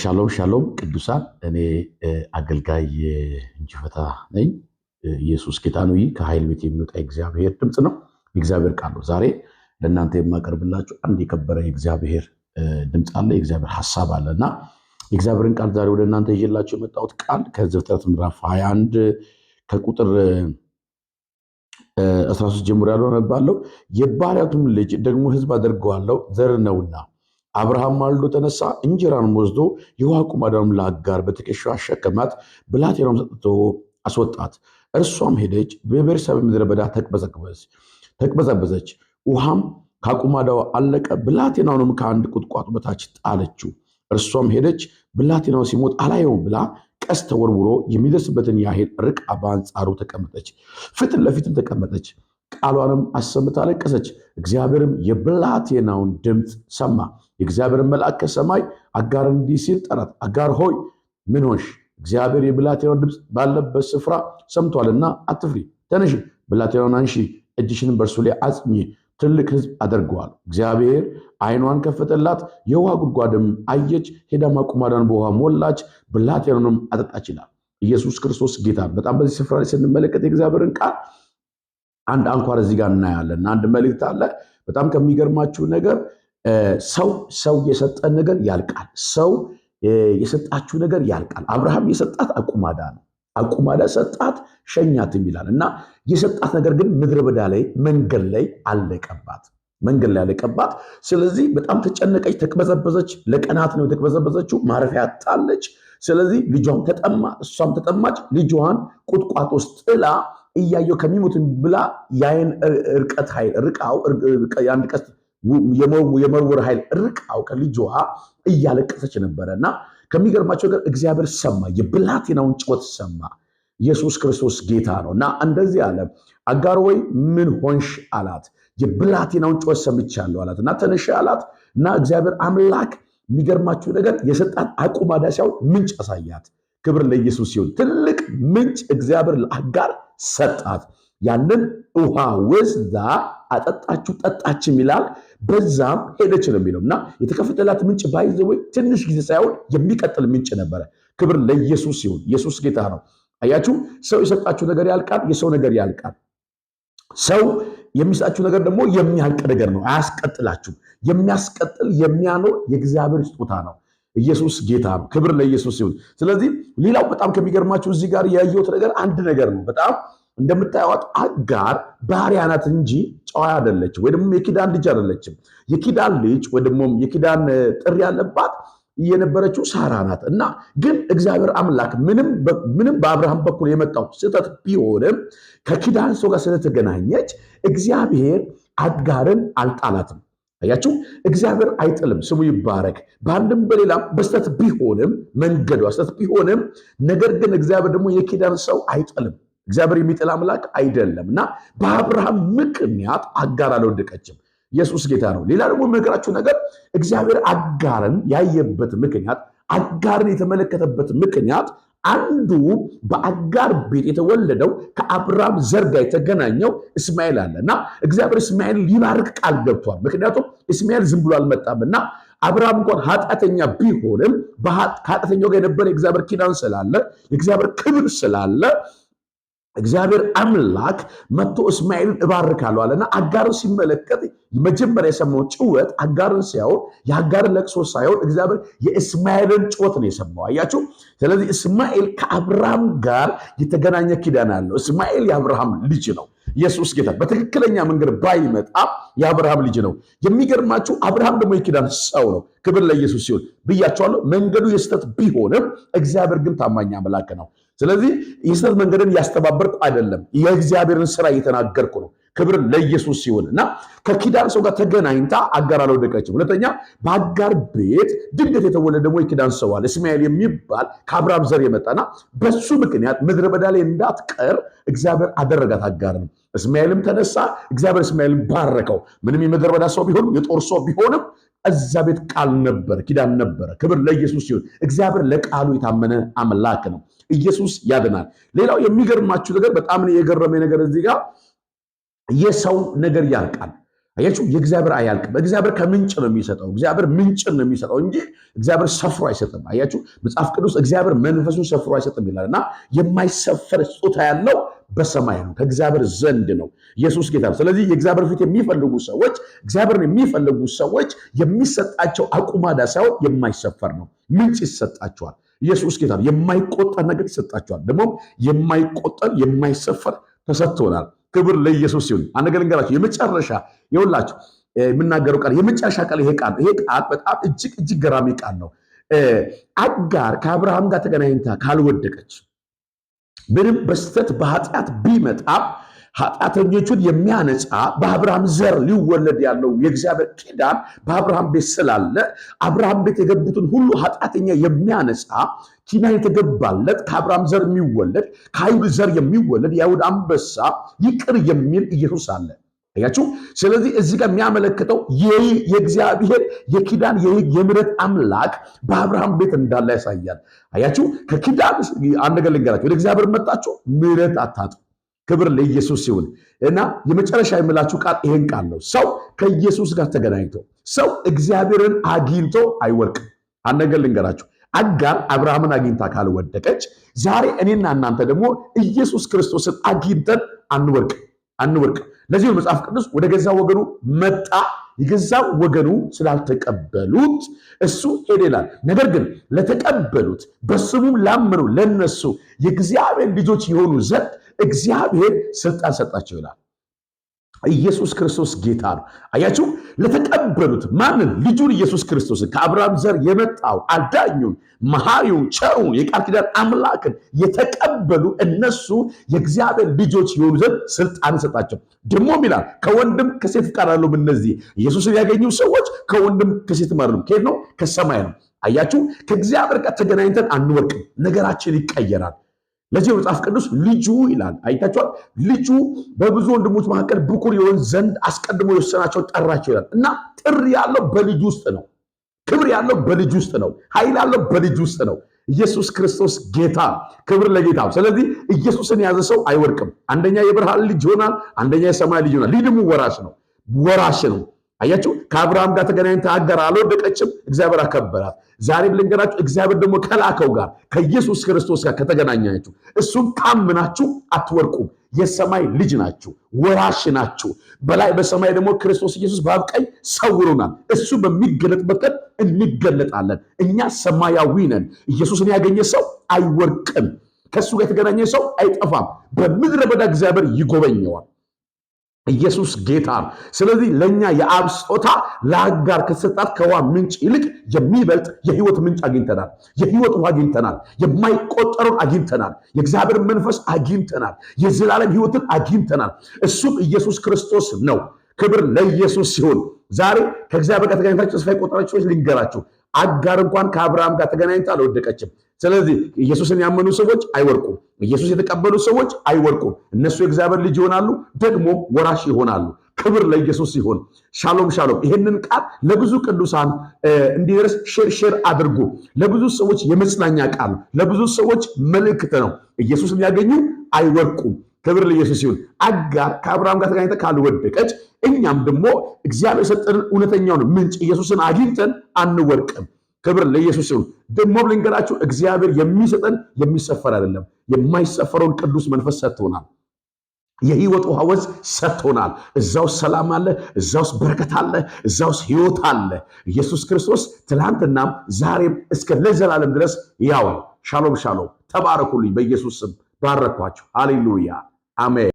ሻሎም ሻሎም ቅዱሳን፣ እኔ አገልጋይ እንጅፈታ ነኝ። ኢየሱስ ጌታ ነው። ይህ ከኃይል ቤት የሚወጣ የእግዚአብሔር ድምፅ ነው። የእግዚአብሔር ቃል ነው። ዛሬ ለእናንተ የማቀርብላችሁ አንድ የከበረ የእግዚአብሔር ድምፅ አለ፣ የእግዚአብሔር ሀሳብ አለ እና የእግዚአብሔርን ቃል ዛሬ ወደ እናንተ ይዤላችሁ የመጣሁት ቃል ከዘፍጥረት ምዕራፍ 21 ከቁጥር 13 ጀምሮ ያለው ነባለው። የባሪያቱም ልጅ ደግሞ ህዝብ አድርገዋለሁ ዘር ነውና አብርሃም ማልዶ ተነሳ፣ እንጀራን ወስዶ የውሃ ቁማዳንም ለአጋር በትከሻ አሸከማት፣ ብላቴናም ሰጥቶ አስወጣት። እርሷም ሄደች፣ በቤርሳቤ ምድረ በዳ ተቅበዘበዘች። ውሃም ከቁማዳው አለቀ፣ ብላቴናውንም ከአንድ ቁጥቋጦ በታች ጣለችው። እርሷም ሄደች፣ ብላቴናው ሲሞት አላየውም ብላ ቀስ ተወርውሮ የሚደርስበትን ያህል ርቃ በአንጻሩ ተቀመጠች፣ ፊት ለፊትም ተቀመጠች። ቃሏንም አሰምታ አለቀሰች። እግዚአብሔርም የብላቴናውን ድምፅ ሰማ። የእግዚአብሔርን መልአክ ከሰማይ አጋር እንዲህ ሲል ጠራት፣ አጋር ሆይ ምን ሆንሽ? እግዚአብሔር የብላቴናውን ድምፅ ባለበት ስፍራ ሰምቷልና አትፍሪ፣ ተነሽ፣ ብላቴናውን አንሺ፣ እጅሽንም በእርሱ ላይ አጽኚ፣ ትልቅ ሕዝብ አደርገዋል። እግዚአብሔር ዓይኗን ከፈተላት፣ የውሃ ጉድጓድም አየች። ሄዳም አቁማዳን በውሃ ሞላች፣ ብላቴናውንም አጠጣች ይላል። ኢየሱስ ክርስቶስ ጌታ። በጣም በዚህ ስፍራ ላይ ስንመለከት የእግዚአብሔርን ቃል አንድ አንኳር እዚህ ጋር እናያለን። አንድ መልእክት አለ። በጣም ከሚገርማችሁ ነገር ሰው ሰው የሰጠን ነገር ያልቃል። ሰው የሰጣችሁ ነገር ያልቃል። አብርሃም የሰጣት አቁማዳ ነው። አቁማዳ ሰጣት፣ ሸኛት የሚላል እና የሰጣት ነገር ግን ምድረ በዳ ላይ መንገድ ላይ አለቀባት መንገድ ላይ ያለቀባት። ስለዚህ በጣም ተጨነቀች፣ ተቅበዘበዘች። ለቀናት ነው የተቅበዘበዘችው፣ ማረፊያ አጣለች። ስለዚህ ልጇን ተጠማ፣ እሷም ተጠማች። ልጇን ቁጥቋጦ ውስጥ ጥላ እያየው ከሚሞትን ብላ የአይን እርቀት ኃይል ርቃው የአንድ ቀስት የመወርወር ኃይል ርቃው ከልጅዋ እያለቀሰች ነበረ እና ከሚገርማቸው ነገር እግዚአብሔር ሰማ፣ የብላቴናውን ጭወት ሰማ። ኢየሱስ ክርስቶስ ጌታ ነው እና እንደዚህ አለ፣ አጋር ወይ ምን ሆንሽ አላት። የብላቴናውን ጭወት ሰምቻለሁ አላት እና ተነሽ አላት እና እግዚአብሔር አምላክ የሚገርማችሁ ነገር የሰጣት አቁማዳ ሲያው ምንጭ አሳያት። ክብር ለኢየሱስ ይሁን። ትልቅ ምንጭ እግዚአብሔር ለአጋር ሰጣት። ያንን ውሃ ወስዳ አጠጣችሁ ጠጣች ይላል። በዛም ሄደች ነው የሚለው እና የተከፈተላት ምንጭ ባይዘው ትንሽ ጊዜ ሳይሆን የሚቀጥል ምንጭ ነበረ። ክብር ለኢየሱስ ይሁን። ኢየሱስ ጌታ ነው። አያችሁ፣ ሰው የሰጣችሁ ነገር ያልቃል። የሰው ነገር ያልቃል። ሰው የሚሰጣችሁ ነገር ደግሞ የሚያልቅ ነገር ነው። አያስቀጥላችሁም። የሚያስቀጥል የሚያኖር የእግዚአብሔር ስጦታ ነው። ኢየሱስ ጌታ ነው። ክብር ለኢየሱስ ይሁን። ስለዚህ ሌላው በጣም ከሚገርማችሁ እዚህ ጋር ያየሁት ነገር አንድ ነገር ነው። በጣም እንደምታየዋት አጋር ባሪያ ናት እንጂ ጨዋ አይደለችም፣ ወይ ደግሞ የኪዳን ልጅ አይደለችም። የኪዳን ልጅ ወይ ደግሞ የኪዳን ጥሪ ያለባት የነበረችው ሳራ ናት እና ግን እግዚአብሔር አምላክ ምንም በአብርሃም በኩል የመጣው ስህተት ቢሆንም ከኪዳን ሰው ጋር ስለተገናኘች እግዚአብሔር አጋርን አልጣላትም። አያችሁ፣ እግዚአብሔር አይጥልም፣ ስሙ ይባረክ። በአንድም በሌላም በስተት ቢሆንም መንገዱ ስተት ቢሆንም ነገር ግን እግዚአብሔር ደግሞ የኪዳን ሰው አይጥልም። እግዚአብሔር የሚጥል አምላክ አይደለም እና በአብርሃም ምክንያት አጋር አልወደቀችም። ኢየሱስ ጌታ ነው። ሌላ ደግሞ የምነግራችሁ ነገር እግዚአብሔር አጋርን ያየበት ምክንያት አጋርን የተመለከተበት ምክንያት አንዱ በአጋር ቤት የተወለደው ከአብርሃም ዘር ጋር የተገናኘው እስማኤል አለ እና እግዚአብሔር እስማኤል ሊባርክ ቃል ገብቷል። ምክንያቱም እስማኤል ዝም ብሎ አልመጣም እና አብርሃም እንኳን ኃጢአተኛ ቢሆንም ከኃጢአተኛው ጋር የነበረ የእግዚአብሔር ኪዳን ስላለ የእግዚአብሔር ክብር ስላለ እግዚአብሔር አምላክ መጥቶ እስማኤልን እባርካለሁ አለና አጋርን ሲመለከት መጀመሪያ የሰማውን ጭወት አጋርን ሲያውን የአጋርን ለቅሶ ሳይሆን እግዚአብሔር የእስማኤልን ጭወት ነው የሰማው። አያችሁ። ስለዚህ እስማኤል ከአብርሃም ጋር የተገናኘ ኪዳን አለው። እስማኤል የአብርሃም ልጅ ነው። ኢየሱስ ጌታ በትክክለኛ መንገድ ባይመጣ የአብርሃም ልጅ ነው። የሚገርማችሁ አብርሃም ደግሞ የኪዳን ሰው ነው። ክብር ለኢየሱስ ሲሆን ብያቸዋለሁ። መንገዱ የስተት ቢሆንም እግዚአብሔር ግን ታማኝ አምላክ ነው። ስለዚህ የስተት መንገድን ያስተባበርኩ አይደለም፣ የእግዚአብሔርን ስራ እየተናገርኩ ነው። ክብር ለኢየሱስ ሲሆን እና ከኪዳን ሰው ጋር ተገናኝታ አጋር አልወደቀችም። ሁለተኛ በአጋር ቤት ድንገት የተወለደ ደግሞ የኪዳን ሰው አለ እስማኤል የሚባል ከአብርሃም ዘር የመጣና በሱ ምክንያት ምድረ በዳ ላይ እንዳትቀር እግዚአብሔር አደረጋት አጋር እስማኤልም ተነሳ፣ እግዚአብሔር እስማኤልን ባረከው። ምንም የምድረ በዳ ሰው ቢሆንም የጦር ሰው ቢሆንም እዛ ቤት ቃል ነበር፣ ኪዳን ነበረ። ክብር ለኢየሱስ ሲሆን እግዚአብሔር ለቃሉ የታመነ አምላክ ነው። ኢየሱስ ያድናል። ሌላው የሚገርማችሁ ነገር በጣም የገረመኝ ነገር እዚህ ጋር የሰው ነገር ያልቃል። አያችሁ፣ የእግዚአብሔር አያልቅም። እግዚአብሔር ከምንጭ ነው የሚሰጠው። እግዚአብሔር ምንጭ ነው የሚሰጠው እንጂ እግዚአብሔር ሰፍሮ አይሰጥም። አያችሁ፣ መጽሐፍ ቅዱስ እግዚአብሔር መንፈሱን ሰፍሮ አይሰጥም ይላል እና የማይሰፈር ስጦታ ያለው በሰማይ ነው፣ ከእግዚአብሔር ዘንድ ነው። ኢየሱስ ጌታ ነው። ስለዚህ የእግዚአብሔር ፊት የሚፈልጉ ሰዎች፣ እግዚአብሔርን የሚፈልጉ ሰዎች የሚሰጣቸው አቁማዳ ሳይሆን የማይሰፈር ነው። ምንጭ ይሰጣቸዋል። ኢየሱስ ጌታ ነው። የማይቆጠር ነገር ይሰጣቸዋል። ደግሞ የማይቆጠር የማይሰፈር ተሰጥቶናል። ክብር ለኢየሱስ ይሁን። አንድ ነገር ልንገራችሁ፣ የመጨረሻ ይኸውላችሁ የምናገረው ቃል የመጨረሻ ቃል ይሄ ቃል ይሄ ቃል በጣም እጅግ እጅግ ገራሚ ቃል ነው። አጋር ከአብርሃም ጋር ተገናኝታ ካልወደቀች ምንም በስተት በኃጢአት ቢመጣ ኃጢአተኞቹን የሚያነጻ በአብርሃም ዘር ሊወለድ ያለው የእግዚአብሔር ኪዳን በአብርሃም ቤት ስላለ አብርሃም ቤት የገቡትን ሁሉ ኃጢአተኛ የሚያነጻ ኪዳን የተገባለት ከአብርሃም ዘር የሚወለድ ከአይሁድ ዘር የሚወለድ የአይሁድ አንበሳ ይቅር የሚል ኢየሱስ አለ። አያችሁ። ስለዚህ እዚህ ጋር የሚያመለክተው የእግዚአብሔር የኪዳን የምሕረት አምላክ በአብርሃም ቤት እንዳለ ያሳያል። አያችሁ። ከኪዳን አንድ ነገር ልንገራችሁ፣ ወደ እግዚአብሔር መጣችሁ ምሕረት አታጡ ክብር ለኢየሱስ ይሁን እና የመጨረሻ የምላችሁ ቃል ይሄን ቃል ነው። ሰው ከኢየሱስ ጋር ተገናኝቶ ሰው እግዚአብሔርን አግኝቶ አይወድቅም። አንድ ነገር ልንገራችሁ፣ አጋር አብርሃምን አግኝታ ካልወደቀች ዛሬ እኔና እናንተ ደግሞ ኢየሱስ ክርስቶስን አግኝተን አንወድቅም አንወድቅም። ለዚህ መጽሐፍ ቅዱስ ወደ ገዛ ወገኑ መጣ የገዛ ወገኑ ስላልተቀበሉት እሱ ሄደ ይላል። ነገር ግን ለተቀበሉት በስሙም ላመኑ ለነሱ የእግዚአብሔር ልጆች የሆኑ ዘንድ እግዚአብሔር ስልጣን ሰጣቸው ይላል። ኢየሱስ ክርስቶስ ጌታ ነው። አያችሁ ለተቀበሉት ማንን? ልጁን ኢየሱስ ክርስቶስን ከአብርሃም ዘር የመጣው አዳኙን፣ መሐሪውን፣ ቸሩን የቃል ኪዳን አምላክን የተቀበሉ እነሱ የእግዚአብሔር ልጆች የሆኑ ዘንድ ስልጣን ሰጣቸው። ደግሞ ይላል ከወንድም ከሴት ጋር እነዚህ ኢየሱስን ያገኙ ሰዎች ከወንድም ከሴት አይደሉም። ከየት ነው? ከሰማይ ነው። አያችሁ፣ ከእግዚአብሔር ጋር ተገናኝተን አንወቅም። ነገራችን ይቀየራል። ለዚህ መጽሐፍ ቅዱስ ልጁ ይላል። አይታችኋል። ልጁ በብዙ ወንድሞች መካከል ብኩር የሆን ዘንድ አስቀድሞ የወሰናቸው ጠራቸው ይላል እና ጥሪ ያለው በልጅ ውስጥ ነው። ክብር ያለው በልጅ ውስጥ ነው። ኃይል ያለው በልጅ ውስጥ ነው። ኢየሱስ ክርስቶስ ጌታ፣ ክብር ለጌታ። ስለዚህ ኢየሱስን የያዘ ሰው አይወድቅም። አንደኛ የብርሃን ልጅ ይሆናል፣ አንደኛ የሰማይ ልጅ ይሆናል። ደግሞ ወራሽ ነው፣ ወራሽ ነው። አያችሁ፣ ከአብርሃም ጋር ተገናኝታ አጋር አልወደቀችም፣ እግዚአብሔር አከበራት። ዛሬም ልንገራችሁ፣ እግዚአብሔር ደግሞ ከላከው ጋር ከኢየሱስ ክርስቶስ ጋር ከተገናኛችሁ ቃም ካምናችሁ አትወርቁም። የሰማይ ልጅ ናችሁ፣ ወራሽ ናችሁ። በላይ በሰማይ ደግሞ ክርስቶስ ኢየሱስ በአብ ቀኝ ሰውሮናል። እሱ በሚገለጥበት ቀን እንገለጣለን። እኛ ሰማያዊ ነን። ኢየሱስን ያገኘ ሰው አይወርቅም። ከእሱ ጋር የተገናኘ ሰው አይጠፋም። በምድረ በዳ እግዚአብሔር ይጎበኘዋል። ኢየሱስ ጌታ ነው። ስለዚህ ለእኛ የአብ ስጦታ ለአጋር ከተሰጣት ከውሃ ምንጭ ይልቅ የሚበልጥ የህይወት ምንጭ አግኝተናል። የህይወት ውሃ አግኝተናል። የማይቆጠሩን አግኝተናል። የእግዚአብሔር መንፈስ አግኝተናል። የዘላለም ህይወትን አግኝተናል። እሱም ኢየሱስ ክርስቶስ ነው። ክብር ለኢየሱስ ሲሆን ዛሬ ከእግዚአብሔር ጋር ተገናኝታችሁ ተስፋ የቆጠራችሁ ሰዎች ልንገራችሁ፣ አጋር እንኳን ከአብርሃም ጋር ተገናኝታ አልወደቀችም። ስለዚህ ኢየሱስን ያመኑ ሰዎች አይወርቁም። ኢየሱስ የተቀበሉ ሰዎች አይወርቁም። እነሱ የእግዚአብሔር ልጅ ይሆናሉ፣ ደግሞ ወራሽ ይሆናሉ። ክብር ለኢየሱስ ይሁን። ሻሎም ሻሎም። ይህንን ቃል ለብዙ ቅዱሳን እንዲደርስ ሼር ሼር አድርጉ። ለብዙ ሰዎች የመጽናኛ ቃል ነው። ለብዙ ሰዎች መልእክት ነው። ኢየሱስን ያገኙ አይወርቁም። ክብር ለኢየሱስ ይሁን። አጋር ከአብርሃም ጋር ተገናኝተ ካልወደቀች እኛም ደግሞ እግዚአብሔር የሰጠንን እውነተኛውን ምንጭ ኢየሱስን አግኝተን አንወርቅም ክብር ለኢየሱስ ይሁን። ደግሞ ልንገራችሁ እግዚአብሔር የሚሰጠን የሚሰፈር አይደለም። የማይሰፈረውን ቅዱስ መንፈስ ሰጥቶናል። የህይወት ውሃ ወንዝ ሰጥቶናል። እዛ ውስጥ ሰላም አለ፣ እዛ ውስጥ በረከት አለ፣ እዛ ውስጥ ህይወት አለ። ኢየሱስ ክርስቶስ ትላንትናም ዛሬም እስከ ለዘላለም ድረስ ያው። ሻሎም ሻሎም። ተባረኩልኝ። በኢየሱስ ስም ባረኳችሁ። ሃሌሉያ አሜን።